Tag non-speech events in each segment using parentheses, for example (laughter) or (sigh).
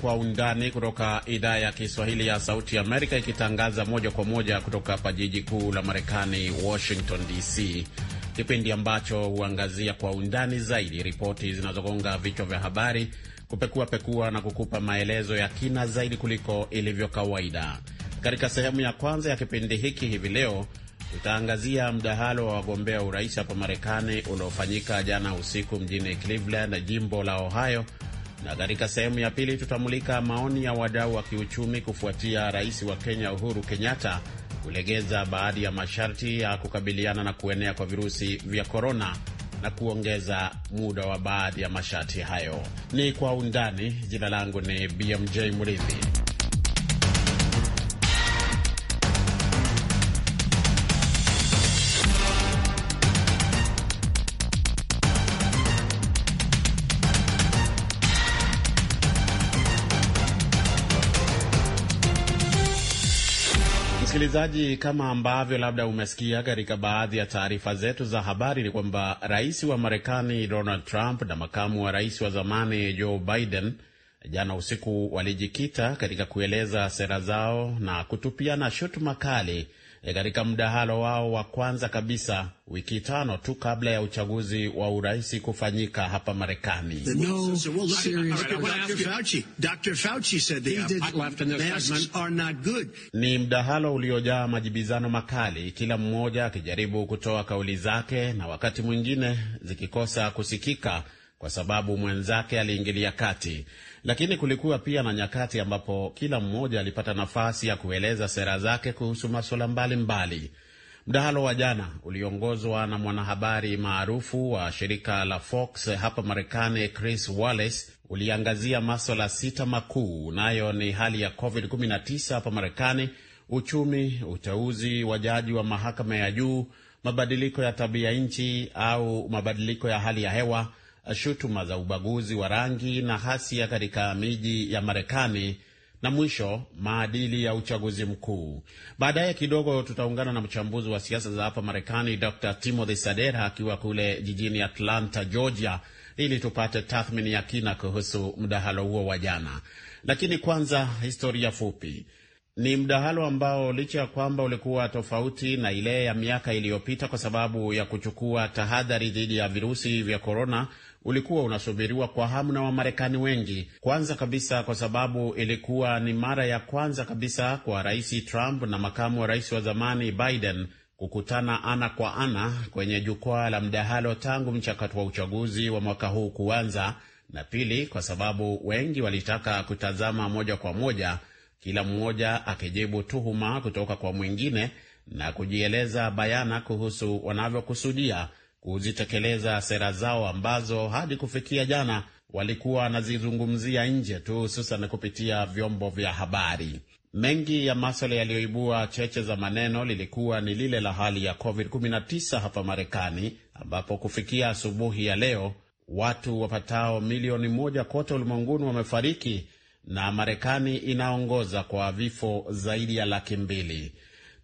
kwa undani kutoka idhaa ya Kiswahili ya Sauti Amerika, ikitangaza moja kwa moja kutoka hapa jiji kuu la Marekani, Washington DC, kipindi ambacho huangazia kwa undani zaidi ripoti zinazogonga vichwa vya habari, kupekua pekua na kukupa maelezo ya kina zaidi kuliko ilivyo kawaida. Katika sehemu ya kwanza ya kipindi hiki hivi leo tutaangazia mdahalo wa wagombea urais hapa Marekani unaofanyika jana usiku mjini Cleveland, jimbo la Ohio na katika sehemu ya pili tutamulika maoni ya wadau wa kiuchumi kufuatia rais wa Kenya Uhuru Kenyatta kulegeza baadhi ya masharti ya kukabiliana na kuenea kwa virusi vya korona na kuongeza muda wa baadhi ya masharti hayo. Ni kwa undani. Jina langu ni BMJ mridhi Msikilizaji, kama ambavyo labda umesikia katika baadhi ya taarifa zetu za habari, ni kwamba rais wa Marekani Donald Trump na makamu wa rais wa zamani Joe Biden jana usiku walijikita katika kueleza sera zao na kutupiana shutuma kali E, katika mdahalo wao wa kwanza kabisa wiki tano tu kabla ya uchaguzi wa urais kufanyika hapa Marekani. Ni mdahalo uliojaa majibizano makali, kila mmoja akijaribu kutoa kauli zake na wakati mwingine zikikosa kusikika kwa sababu mwenzake aliingilia kati. Lakini kulikuwa pia na nyakati ambapo kila mmoja alipata nafasi ya kueleza sera zake kuhusu masuala mbalimbali. Mdahalo wa jana uliongozwa na mwanahabari maarufu wa shirika la Fox hapa Marekani, Chris Wallace, uliangazia maswala sita makuu, nayo ni hali ya COVID-19 hapa Marekani, uchumi, uteuzi wa jaji wa mahakama ya juu, mabadiliko ya tabia nchi au mabadiliko ya hali ya hewa shutuma za ubaguzi wa rangi na hasia katika miji ya Marekani na mwisho maadili ya uchaguzi mkuu. Baadaye kidogo tutaungana na mchambuzi wa siasa za hapa Marekani, Dr Timothy Sadera akiwa kule jijini Atlanta, Georgia, ili tupate tathmini ya kina kuhusu mdahalo huo wa jana. Lakini kwanza, historia fupi. Ni mdahalo ambao licha ya kwamba ulikuwa tofauti na ile ya miaka iliyopita kwa sababu ya kuchukua tahadhari dhidi ya virusi vya korona ulikuwa unasubiriwa kwa hamu na Wamarekani wengi, kwanza kabisa kwa sababu ilikuwa ni mara ya kwanza kabisa kwa Rais Trump na makamu wa rais wa zamani Biden kukutana ana kwa ana kwenye jukwaa la mdahalo tangu mchakato wa uchaguzi wa mwaka huu kuanza, na pili kwa sababu wengi walitaka kutazama moja kwa moja, kila mmoja akijibu tuhuma kutoka kwa mwingine na kujieleza bayana kuhusu wanavyokusudia kuzitekeleza sera zao ambazo hadi kufikia jana walikuwa wanazizungumzia nje tu, hususan kupitia vyombo vya habari. Mengi ya maswala yaliyoibua cheche za maneno lilikuwa ni lile la hali ya COVID-19 hapa Marekani, ambapo kufikia asubuhi ya leo watu wapatao milioni moja kote ulimwenguni wamefariki na Marekani inaongoza kwa vifo zaidi ya laki mbili.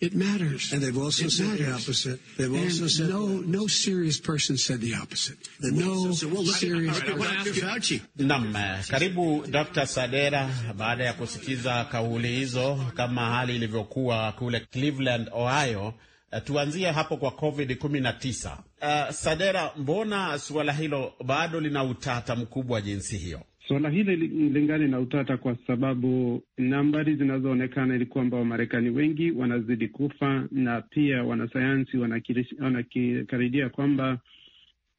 It matters. And they've also it said matters. the opposite. They've and also said no. That. No serious person said the opposite. They've no well, serious. Naam, eh, karibu Dr. Sadera. Baada ya kusikiza kauli hizo, kama hali ilivyokuwa kule Cleveland, Ohio. Eh, tuanzie hapo kwa COVID 19. Uh, eh, Sadera, mbona suala hilo bado lina utata mkubwa jinsi hiyo? Suala hili lingali na utata kwa sababu nambari zinazoonekana ni kwamba Wamarekani wengi wanazidi kufa na pia wanasayansi wanakikaridia kwamba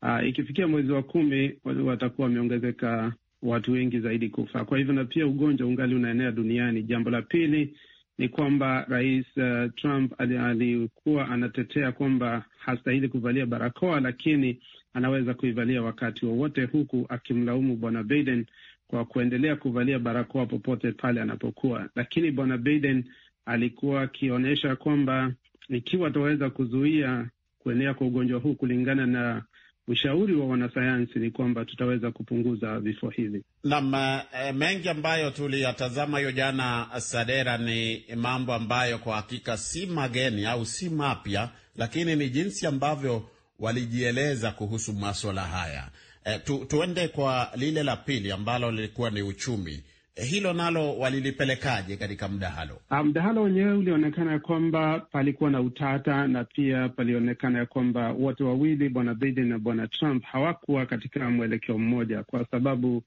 uh, ikifikia mwezi wa kumi watakuwa wameongezeka watu wengi zaidi kufa. Kwa hivyo na pia ugonjwa ungali unaenea duniani. Jambo la pili ni kwamba Rais uh, Trump alikuwa anatetea kwamba hastahili kuvalia barakoa, lakini anaweza kuivalia wakati wowote, huku akimlaumu bwana Biden kwa kuendelea kuvalia barakoa popote pale anapokuwa. Lakini bwana Biden alikuwa akionyesha kwamba ikiwa ataweza kuzuia kuenea kwa ugonjwa huu kulingana na ushauri wa wanasayansi ni kwamba tutaweza kupunguza vifo hivi. Naam, eh, mengi ambayo tuliyatazama hiyo jana, Sadera, ni mambo ambayo kwa hakika si mageni au si mapya, lakini ni jinsi ambavyo walijieleza kuhusu maswala haya. E, tu, tuende kwa lile la pili ambalo lilikuwa ni uchumi. E, hilo nalo walilipelekaje katika mdahalo? Ah, mdahalo wenyewe ulionekana ya kwamba palikuwa na utata na pia palionekana ya kwamba wote wawili bwana Biden na bwana Trump hawakuwa katika mwelekeo mmoja kwa sababu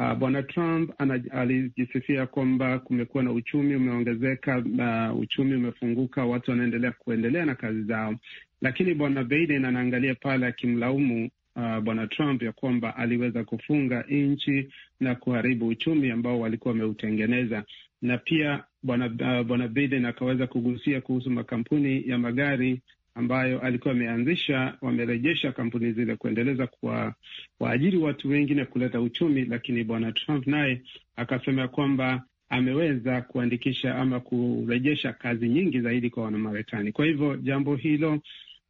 Uh, bwana Trump alijisifia kwamba kumekuwa na uchumi umeongezeka, uh, uchumi umefunguka, watu wanaendelea kuendelea na kazi zao, lakini bwana Biden anaangalia pale akimlaumu Uh, bwana Trump ya kwamba aliweza kufunga nchi na kuharibu uchumi ambao walikuwa wameutengeneza, na pia bwana uh, bwana Biden akaweza kugusia kuhusu makampuni ya magari ambayo alikuwa ameanzisha, wamerejesha kampuni zile kuendeleza kwa waajiri watu wengi na kuleta uchumi, lakini bwana Trump naye akasema kwamba ameweza kuandikisha ama kurejesha kazi nyingi zaidi kwa Wanamarekani. Kwa hivyo jambo hilo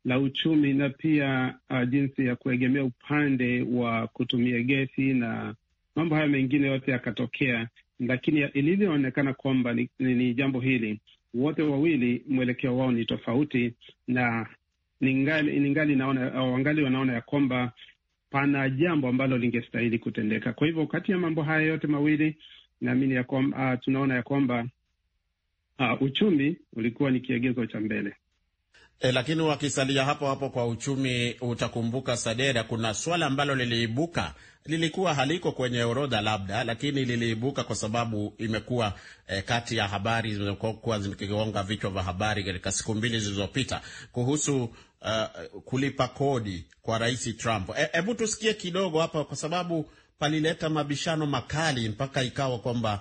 la uchumi na pia uh, jinsi ya kuegemea upande wa kutumia gesi na mambo haya mengine yote yakatokea, lakini ya ilivyoonekana kwamba ni, ni, ni jambo hili, wote wawili mwelekeo wao ni tofauti, na ningali, ningali naona, wangali wanaona ya kwamba pana jambo ambalo lingestahili kutendeka. Kwa hivyo kati ya mambo haya yote mawili naamini ya kwamba uh, tunaona ya kwamba uh, uchumi ulikuwa ni kiegezo cha mbele. E, lakini wakisalia hapo hapo kwa uchumi, utakumbuka Sadera, kuna swala ambalo liliibuka lilikuwa haliko kwenye orodha labda, lakini liliibuka kwa sababu imekuwa e, kati ya habari zilizokuwa zikigonga vichwa vya habari katika siku mbili zilizopita kuhusu uh, kulipa kodi kwa Rais Trump. Hebu e, tusikie kidogo hapa, kwa sababu palileta mabishano makali mpaka ikawa kwamba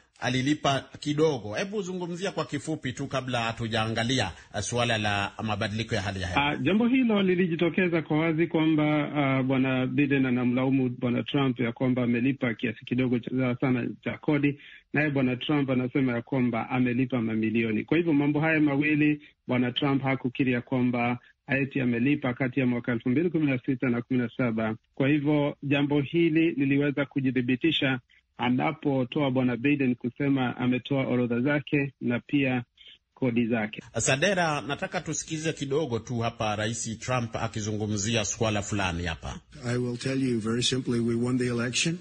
alilipa kidogo. Hebu zungumzia kwa kifupi tu kabla hatujaangalia eh, suala la mabadiliko ya hali ya hewa. Ah, jambo hilo lilijitokeza kwa wazi kwamba ah, bwana Biden anamlaumu bwana Trump ya kwamba amelipa kiasi kidogo sana cha kodi, naye bwana Trump anasema ya kwamba amelipa mamilioni. Kwa hivyo mambo haya mawili, bwana Trump hakukiri ya kwamba eti amelipa kati ya mwaka elfu mbili kumi na sita na kumi na saba. Kwa hivyo jambo hili liliweza kujithibitisha anapotoa bwana Biden kusema ametoa orodha zake na pia kodi zake. Sadera, nataka tusikize kidogo tu hapa Rais Trump akizungumzia swala fulani hapa. I will tell you very simply, we won the election.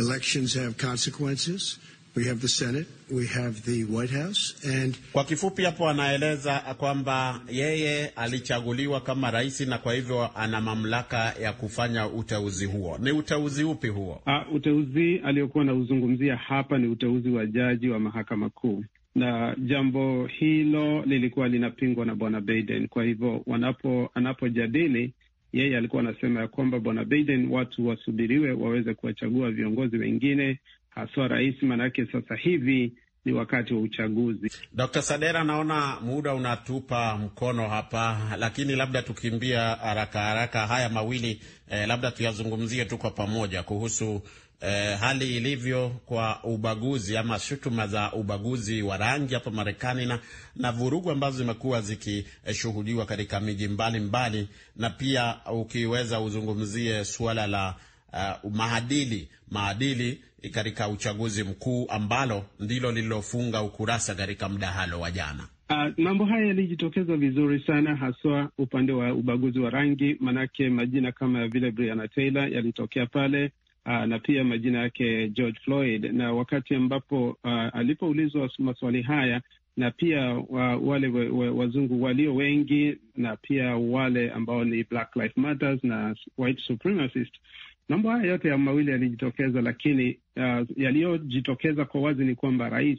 Elections have consequences. We have the Senate, we have the White House, and... Kwa kifupi hapo anaeleza kwamba yeye alichaguliwa kama rais na kwa hivyo ana mamlaka ya kufanya uteuzi huo. Ni uteuzi upi huo? Uh, uteuzi aliyokuwa anauzungumzia hapa ni uteuzi wa jaji wa mahakama kuu, na jambo hilo lilikuwa linapingwa na bwana Biden. Kwa hivyo wanapo anapojadili yeye alikuwa anasema ya kwamba bwana Biden, watu wasubiriwe waweze kuwachagua viongozi wengine haswa rais, maanake sasa hivi ni wakati wa uchaguzi. Dr. Sadera, naona muda unatupa mkono hapa, lakini labda tukimbia haraka haraka haya mawili eh, labda tuyazungumzie tu kwa pamoja kuhusu eh, hali ilivyo kwa ubaguzi ama shutuma za ubaguzi wa rangi hapa Marekani na, na vurugu ambazo zimekuwa zikishuhudiwa eh, katika miji mbalimbali, na pia ukiweza uzungumzie suala la uh, maadili maadili E, katika uchaguzi mkuu ambalo ndilo lililofunga ukurasa katika mdahalo wa jana. Uh, mambo haya yalijitokeza vizuri sana haswa upande wa ubaguzi wa rangi, manake majina kama vile Breonna Taylor yalitokea pale, uh, na pia majina yake George Floyd, na wakati ambapo uh, alipoulizwa maswali haya na pia uh, wale we, we, wazungu walio wengi na pia wale ambao ni Black Lives Matters na white supremacists Mambo haya yote ya mawili yalijitokeza, lakini uh, yaliyojitokeza kwa wazi ni kwamba rais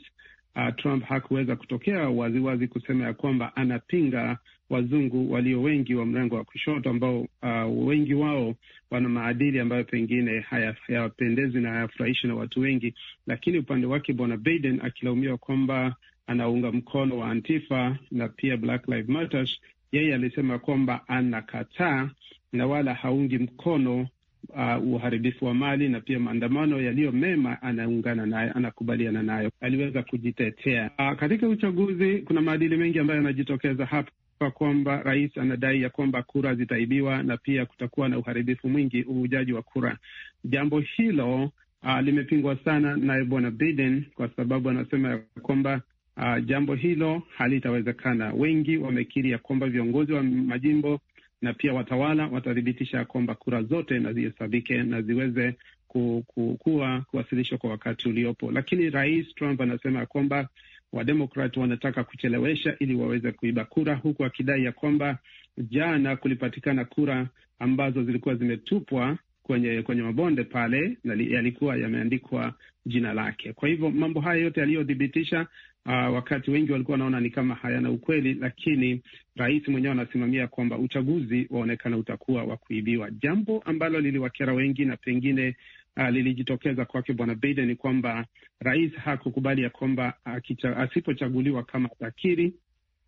uh, Trump hakuweza kutokea waziwazi wazi kusema ya kwamba anapinga wazungu walio wengi wa mrengo wa kushoto ambao uh, wengi wao wana maadili ambayo pengine hayapendezi haya na hayafurahishi na watu wengi. Lakini upande wake bwana Biden akilaumiwa kwamba anaunga mkono wa Antifa na pia Black Lives Matter, yeye alisema kwamba anakataa na wala haungi mkono uh, uharibifu wa mali na pia maandamano yaliyo mema, anaungana nayo, anakubaliana nayo, aliweza kujitetea. Uh, katika uchaguzi kuna maadili mengi ambayo yanajitokeza hapa kwamba rais anadai ya kwamba kura zitaibiwa na pia kutakuwa na uharibifu mwingi, uvujaji wa kura. Jambo hilo uh, limepingwa sana naye bwana Biden kwa sababu anasema ya kwamba uh, jambo hilo halitawezekana. Wengi wamekiri ya kwamba viongozi wa majimbo na pia watawala watathibitisha kwamba kura zote na zihesabike na ziweze ku, ku, kuwa kuwasilishwa kwa wakati uliopo. Lakini Rais Trump anasema ya kwamba Wademokrat wanataka kuchelewesha ili waweze kuiba kura, huku akidai ya kwamba jana kulipatikana kura ambazo zilikuwa zimetupwa kwenye kwenye mabonde pale yalikuwa yameandikwa jina lake. Kwa hivyo mambo haya yote yaliyothibitisha uh, wakati wengi walikuwa wanaona ni kama hayana ukweli, lakini rais mwenyewe anasimamia kwamba uchaguzi waonekana utakuwa wa kuibiwa, jambo ambalo liliwakera wengi na pengine Uh, lilijitokeza kwake Bwana Biden ni kwamba rais hakukubali ya kwamba uh, asipochaguliwa kama atakiri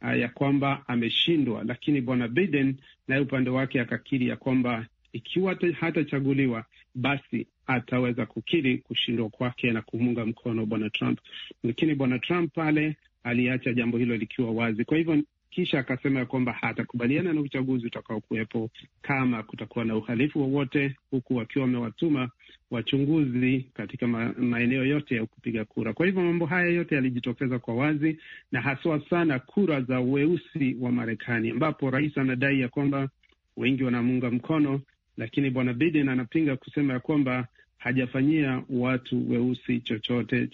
uh, ah, ya kwamba ameshindwa, lakini Bwana Biden naye upande wake akakiri ya kwamba ikiwa hatachaguliwa, basi ataweza kukiri kushindwa kwake na kumunga mkono bwana Trump. Lakini bwana Trump pale aliacha jambo hilo likiwa wazi, kwa hivyo kisha akasema ya kwamba hatakubaliana na uchaguzi utakaokuwepo kama kutakuwa na uhalifu wowote, huku wakiwa wamewatuma wachunguzi katika ma maeneo yote ya kupiga kura. Kwa hivyo mambo haya yote yalijitokeza kwa wazi, na haswa sana kura za weusi wa Marekani, ambapo rais anadai ya kwamba wengi wanamuunga mkono lakini bwana Biden anapinga kusema ya kwamba hajafanyia watu weusi chochote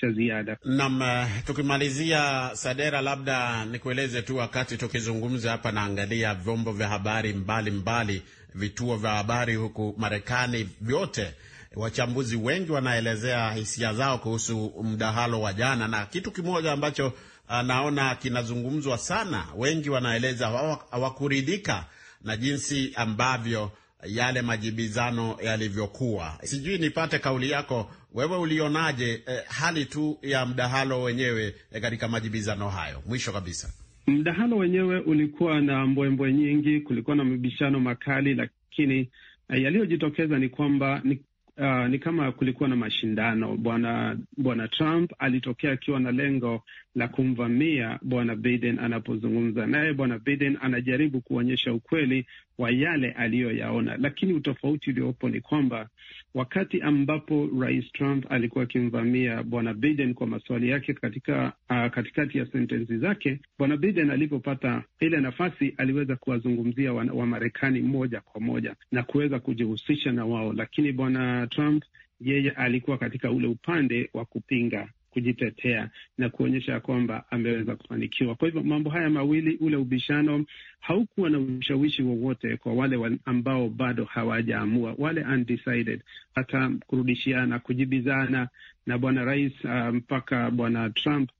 cha ziada. Naam, eh, tukimalizia Sadera, labda nikueleze tu, wakati tukizungumza hapa naangalia vyombo vya habari mbalimbali, vituo vya habari huku Marekani vyote wachambuzi wengi wanaelezea hisia zao kuhusu mdahalo wa jana, na kitu kimoja ambacho eh, naona kinazungumzwa sana, wengi wanaeleza hawakuridhika na jinsi ambavyo yale majibizano yalivyokuwa. Sijui nipate kauli yako wewe, ulionaje eh, hali tu ya mdahalo wenyewe eh, katika majibizano hayo? Mwisho kabisa, mdahalo wenyewe ulikuwa na mbwembwe nyingi, kulikuwa na mabishano makali, lakini eh, yaliyojitokeza ni kwamba ni, uh, ni kama kulikuwa na mashindano. Bwana Bwana Trump alitokea akiwa na lengo la kumvamia bwana Biden anapozungumza naye. Bwana Biden anajaribu kuonyesha ukweli wa yale aliyoyaona, lakini utofauti uliopo ni kwamba wakati ambapo rais Trump alikuwa akimvamia bwana Biden kwa maswali yake katika uh, katikati ya sentensi zake, bwana Biden alipopata ile nafasi aliweza kuwazungumzia Wamarekani wa moja kwa moja na kuweza kujihusisha na wao, lakini bwana Trump yeye alikuwa katika ule upande wa kupinga kujitetea na kuonyesha kwamba ameweza kufanikiwa. Kwa hivyo mambo haya mawili, ule ubishano haukuwa na ushawishi wowote kwa wale ambao bado hawajaamua, wale undecided, hata kurudishiana, kujibizana na bwana rais uh, mpaka um, bwana Trump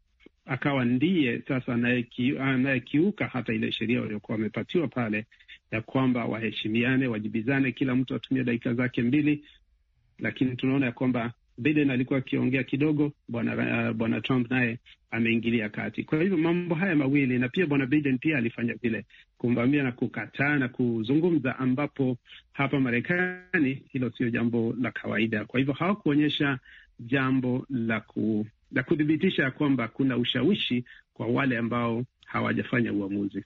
akawa ndiye sasa anayekiuka hata ile sheria waliokuwa wamepatiwa pale ya kwamba waheshimiane, wajibizane, kila mtu atumie dakika zake mbili, lakini tunaona ya kwamba Biden alikuwa akiongea kidogo, bwana uh, bwana Trump naye ameingilia kati. Kwa hivyo mambo haya mawili na pia bwana Biden pia alifanya vile, kumvamia na kukataa na kuzungumza, ambapo hapa Marekani hilo sio jambo la kawaida. Kwa hivyo hawakuonyesha jambo la ku la kuthibitisha ya kwamba kuna ushawishi kwa wale ambao hawajafanya uamuzi.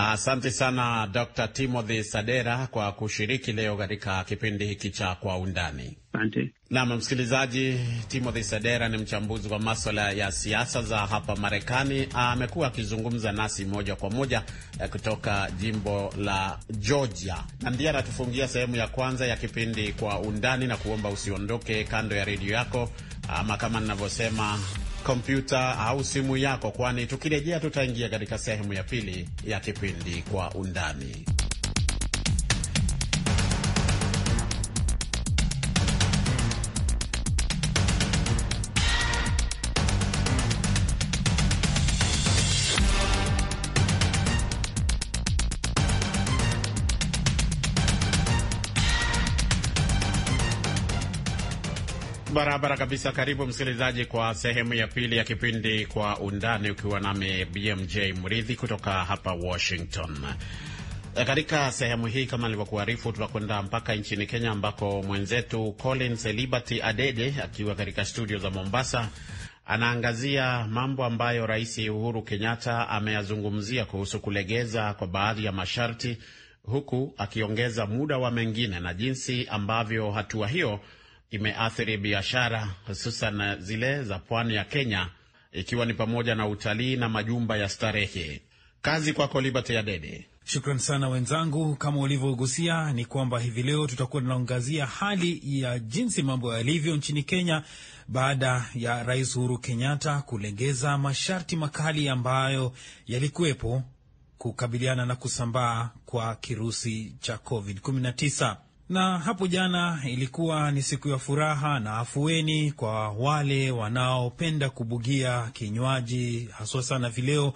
Asante sana Dr. Timothy Sadera kwa kushiriki leo katika kipindi hiki cha Kwa Undani. nam Naam, msikilizaji, Timothy Sadera ni mchambuzi wa maswala ya siasa za hapa Marekani. Amekuwa akizungumza nasi moja kwa moja eh, kutoka jimbo la Georgia, na ndiye anatufungia sehemu ya kwanza ya kipindi Kwa Undani, na kuomba usiondoke kando ya redio yako, ama kama ninavyosema kompyuta au simu yako, kwani tukirejea tutaingia katika sehemu ya pili ya kipindi kwa undani. barabara kabisa. Karibu msikilizaji, kwa sehemu ya pili ya kipindi Kwa Undani, ukiwa nami BMJ Mridhi kutoka hapa Washington. E, katika sehemu hii kama nilivyokuarifu, tutakwenda mpaka nchini Kenya ambako mwenzetu Collins Liberty Adede akiwa katika studio za Mombasa anaangazia mambo ambayo Rais Uhuru Kenyatta ameyazungumzia kuhusu kulegeza kwa baadhi ya masharti, huku akiongeza muda wa mengine na jinsi ambavyo hatua hiyo imeathiri biashara hususan zile za pwani ya Kenya, ikiwa ni pamoja na utalii na majumba ya starehe. Kazi kwako Liberty ya Dede. Shukran sana wenzangu, kama ulivyogusia ni kwamba hivi leo tutakuwa tunaangazia hali ya jinsi mambo yalivyo nchini Kenya baada ya Rais Uhuru Kenyatta kulegeza masharti makali ambayo yalikuwepo kukabiliana na kusambaa kwa kirusi cha COVID-19. Na hapo jana ilikuwa ni siku ya furaha na afueni kwa wale wanaopenda kubugia kinywaji haswa sana vileo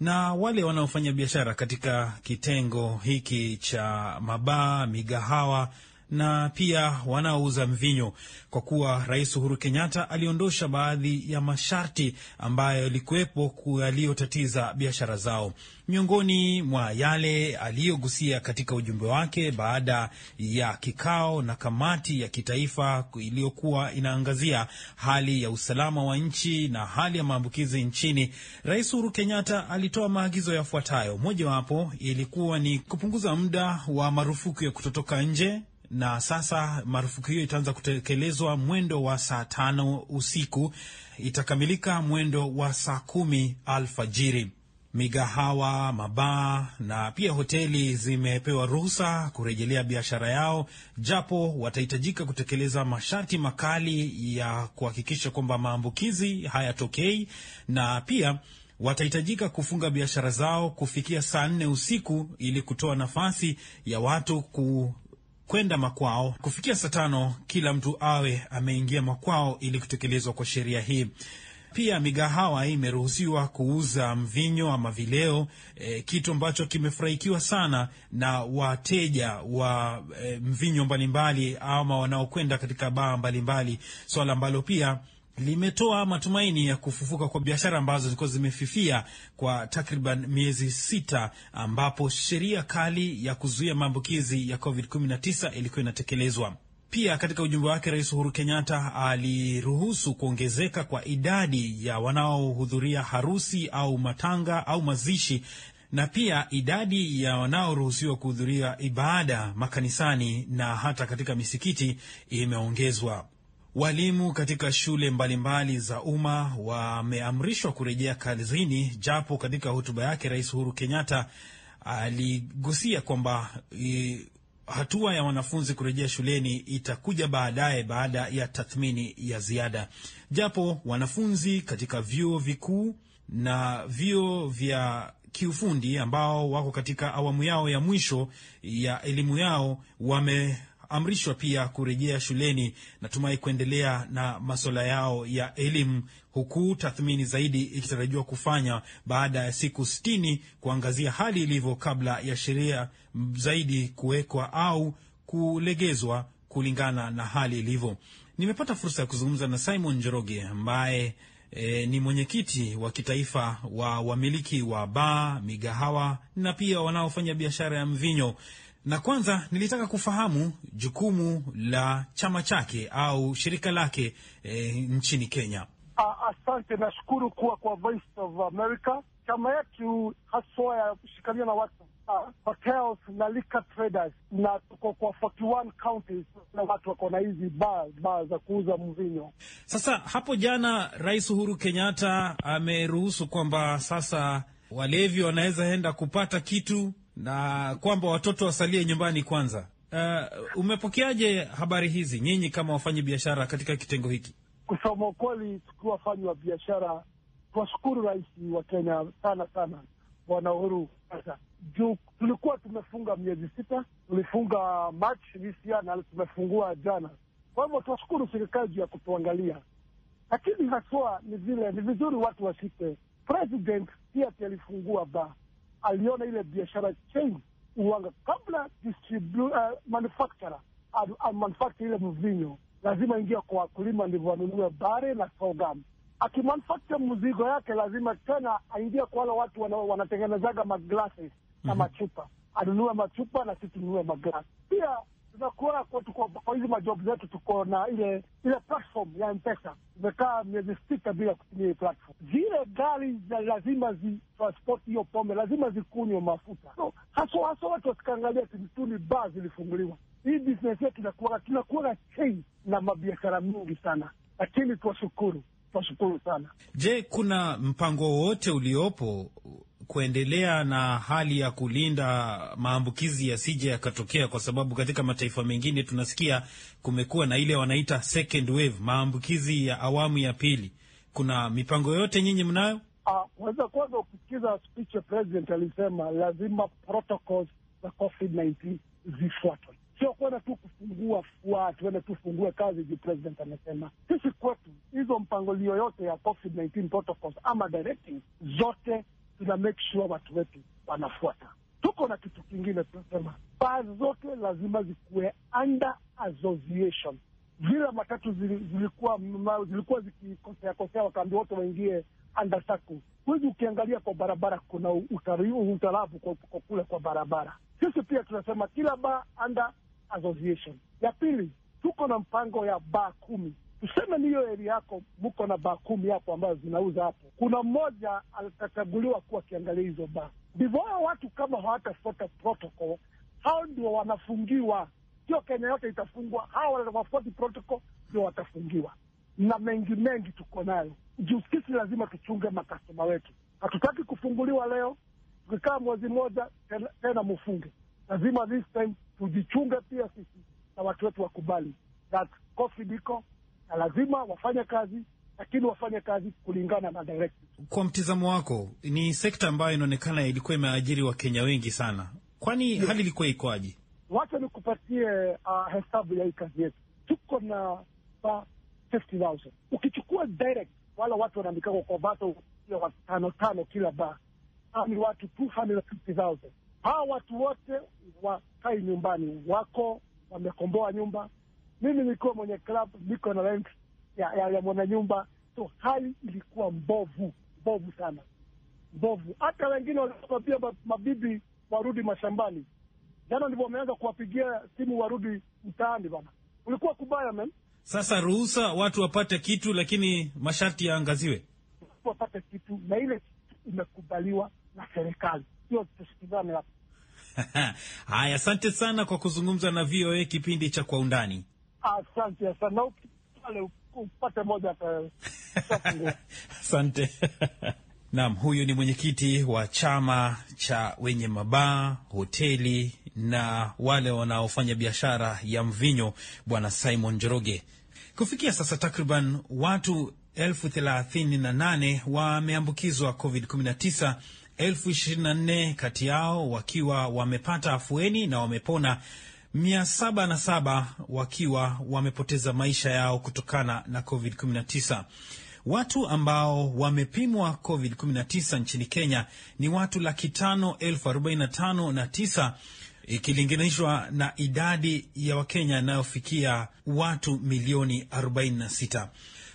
na wale wanaofanya biashara katika kitengo hiki cha mabaa, migahawa na pia wanaouza mvinyo, kwa kuwa Rais Uhuru Kenyatta aliondosha baadhi ya masharti ambayo yalikuwepo yaliyotatiza biashara zao. Miongoni mwa yale aliyogusia katika ujumbe wake baada ya kikao na kamati ya kitaifa iliyokuwa inaangazia hali ya usalama wa nchi na hali ya maambukizi nchini, Rais Uhuru Kenyatta alitoa maagizo yafuatayo. Mojawapo ilikuwa ni kupunguza muda wa marufuku ya kutotoka nje na sasa marufuku hiyo itaanza kutekelezwa mwendo wa saa tano usiku, itakamilika mwendo wa saa kumi alfajiri. Migahawa, mabaa na pia hoteli zimepewa ruhusa kurejelea biashara yao, japo watahitajika kutekeleza masharti makali ya kuhakikisha kwamba maambukizi hayatokei, na pia watahitajika kufunga biashara zao kufikia saa nne usiku ili kutoa nafasi ya watu ku kwenda makwao kufikia saa tano, kila mtu awe ameingia makwao ili kutekelezwa kwa sheria hii. Pia migahawa imeruhusiwa kuuza mvinyo ama vileo e, kitu ambacho kimefurahikiwa sana na wateja wa e, mvinyo mbalimbali ama wanaokwenda katika baa mbalimbali, swala ambalo pia limetoa matumaini ya kufufuka kwa biashara ambazo zilikuwa zimefifia kwa takriban miezi sita, ambapo sheria kali ya kuzuia maambukizi ya COVID-19 ilikuwa inatekelezwa. Pia katika ujumbe wake, Rais Uhuru Kenyatta aliruhusu kuongezeka kwa idadi ya wanaohudhuria harusi au matanga au mazishi na pia idadi ya wanaoruhusiwa kuhudhuria ibada makanisani na hata katika misikiti imeongezwa. Walimu katika shule mbalimbali za umma wameamrishwa kurejea kazini, japo katika hotuba yake Rais Uhuru Kenyatta aligusia kwamba e, hatua ya wanafunzi kurejea shuleni itakuja baadaye baada ya tathmini ya ziada, japo wanafunzi katika vyuo vikuu na vyuo vya kiufundi ambao wako katika awamu yao ya mwisho ya elimu yao wame wameamrishwa pia kurejea shuleni, natumai kuendelea na masuala yao ya elimu, huku tathmini zaidi ikitarajiwa kufanya baada ya siku sitini kuangazia hali ilivyo kabla ya sheria zaidi kuwekwa au kulegezwa kulingana na hali ilivyo. Nimepata fursa ya kuzungumza na Simon Njoroge ambaye E, ni mwenyekiti wa kitaifa wa wamiliki wa baa, migahawa na pia wanaofanya biashara ya mvinyo na kwanza nilitaka kufahamu jukumu la chama chake au shirika lake e, nchini Kenya. Asante, nashukuru kuwa kwa Voice of America. Chama yetu haswa ya kushikania na watu uh, hotels na liquor traders, na tuko kwa 41 counties na watu wako na hizi baa baa za kuuza mvinyo. Sasa hapo jana Rais Uhuru Kenyatta ameruhusu kwamba sasa walevi wanaweza enda kupata kitu na kwamba watoto wasalie nyumbani kwanza. Uh, umepokeaje habari hizi nyinyi kama wafanyi biashara katika kitengo hiki? Kusema ukweli, tukiwa wafanyi wa biashara tuwashukuru rais wa Kenya sana sana Bwana Uhuru juu tulikuwa tumefunga miezi sita, tulifunga Machi hisia na tumefungua jana. Kwa hivyo twashukuru serikali juu ya kutuangalia, lakini haswa ni vile ni vizuri watu washike. President pia alifungua ba aliona ile biashara chain uwanga kabla distribu, uh, manufacturer ile mvinyo lazima ingia kwa wakulima, ndivyo wanunue bare na sogam Akimanufacture mzigo yake lazima tena aingia kwa wale watu wana, wanatengenezaga maglasi na mhm. machupa, anunue machupa na si tununue maglasi pia tunakuwa kwa hizi majob zetu tuko na ile ile platform ya mpesa imekaa miezi sita bila kutumia hii platform. Zile gari za lazima zitransport hiyo pombe, lazima zikunywe mafuta so, haso haso watu wasikaangalia timtuni ba zilifunguliwa. Hii business yetu tunakuwa tunakuwa chei na mabiashara mingi sana, lakini tuwashukuru, tuwashukuru sana. Je, kuna mpango wowote uliopo kuendelea na hali ya kulinda maambukizi yasije yakatokea, kwa sababu katika mataifa mengine tunasikia kumekuwa na ile wanaita second wave, maambukizi ya awamu ya pili. Kuna mipango yote nyinyi mnayo? Unaweza ah, kwanza, ukisikiza speech ya president alisema lazima protocols za COVID-19 zifuatwe, sio kwenda tu kufungua fua, tuende fungue kazi juu president amesema. Sisi kwetu hizo mpangilio yote ya COVID-19 protocols ama directing zote tuna make sure watu wetu wanafuata. Tuko na kitu kingine tunasema, baa zote lazima zikuwe under association. Vile matatu zilikuwa zilikuwa zikikosea kosea, wakaambia wote waingie under circle. Hizi ukiangalia kwa barabara kuna utarabu kwa kule kwa barabara. Sisi pia tunasema kila baa under association. Ya pili, tuko na mpango ya baa kumi tuseme niyo eri yako, muko na baa kumi hapo ambayo zinauza hapo, kuna mmoja atachaguliwa kuwa kiangalia hizo baa. Ndivyo hao watu kama hawatafuata protocol, hao ndio wanafungiwa. Sio Kenya yote itafungwa, hao wanafuati protocol ndio watafungiwa, na mengi mengi tuko nayo juu. Sisi lazima tuchunge makastoma wetu, hatutaki kufunguliwa leo tukikaa mwezi mmoja tena, tena mufunge. Lazima this time tujichunge pia sisi na watu wetu wakubali that covid iko na lazima wafanye kazi, lakini wafanye kazi kulingana na directive. Kwa mtizamo wako, ni sekta ambayo inaonekana ilikuwa imeajiri Wakenya wengi sana, kwani yes. hali ilikuwa ikoaje? Wacha nikupatie uh, hesabu ya hii kazi yetu. Tuko na ba uh, 50,000 ukichukua direct, wala watu wanaandikako kwa bato ya watano tano kila ba ni watu 250,000 hawa watu wote wakai nyumbani, wako wamekomboa nyumba mimi nilikuwa mwenye club, niko na rent ya, ya, ya mwananyumba, so hali ilikuwa mbovu mbovu sana, mbovu. Hata wengine pia mabibi warudi mashambani. Jana ndivyo wameanza kuwapigia simu warudi mtaani bana, ulikuwa kubaya man. Sasa ruhusa watu wapate kitu, lakini masharti yaangaziwe, wapate kitu na ile imekubaliwa na serikali hiyo, tusikizane hapa. (laughs) Haya, asante sana kwa kuzungumza na VOA kipindi cha kwa undani. Asante sana pale upate moja. (laughs) Asante. (laughs) Naam, huyu ni mwenyekiti wa chama cha wenye mabaa, hoteli na wale wanaofanya biashara ya mvinyo, Bwana Simon Njoroge. Kufikia sasa takriban watu elfu thelathini na nane wameambukizwa COVID-19, elfu ishirini na nne kati yao wakiwa wamepata afueni na wamepona mia saba na saba wakiwa wamepoteza maisha yao kutokana na COVID-19. Watu ambao wamepimwa COVID-19 nchini Kenya ni watu laki tano elfu arobaini na tano na tisa ikilinganishwa na idadi ya Wakenya inayofikia watu milioni 46.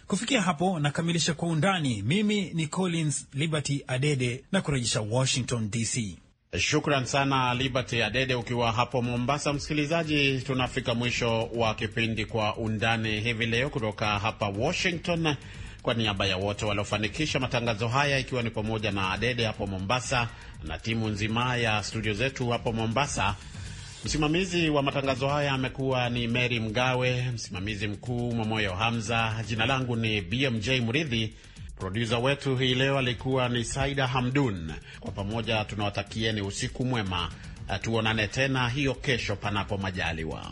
Kufikia hapo nakamilisha Kwa Undani. Mimi ni Collins Liberty Adede na kurejesha Washington DC. Shukran sana Liberty Adede ukiwa hapo Mombasa. Msikilizaji, tunafika mwisho wa kipindi Kwa Undani hivi leo kutoka hapa Washington. Kwa niaba ya wote waliofanikisha matangazo haya, ikiwa ni pamoja na Adede hapo Mombasa na timu nzima ya studio zetu hapo Mombasa, msimamizi wa matangazo haya amekuwa ni Mary Mgawe, msimamizi mkuu Mwamoyo Hamza, jina langu ni BMJ Muridhi. Produsa wetu hii leo alikuwa ni Saida Hamdun. Kwa pamoja tunawatakieni usiku mwema, tuonane tena hiyo kesho, panapo majaliwa.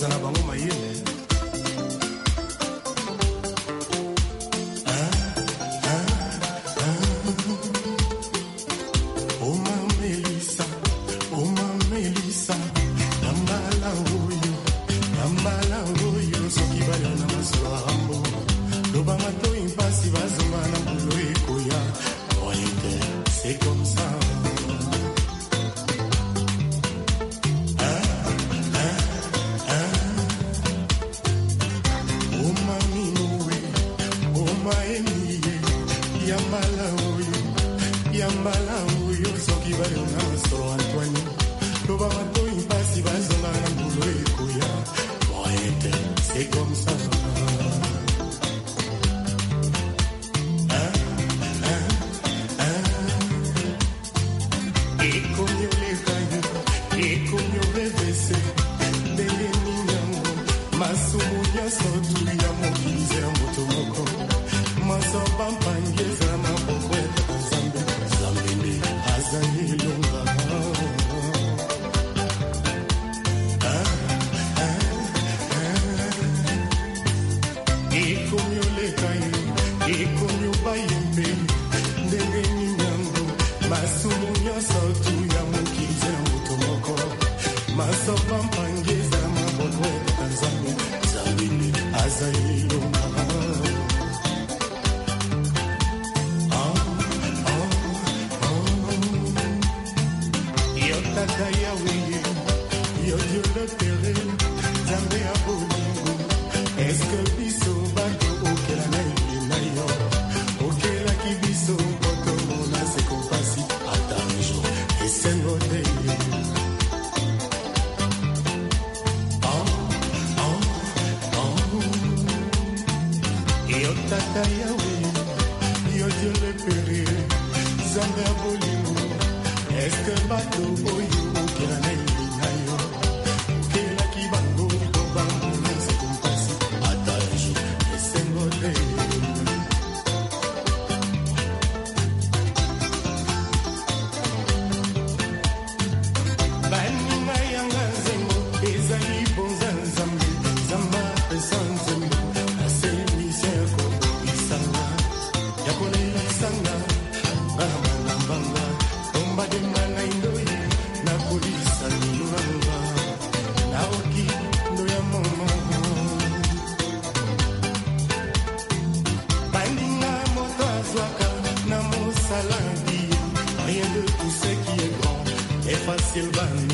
zana bango mayele baño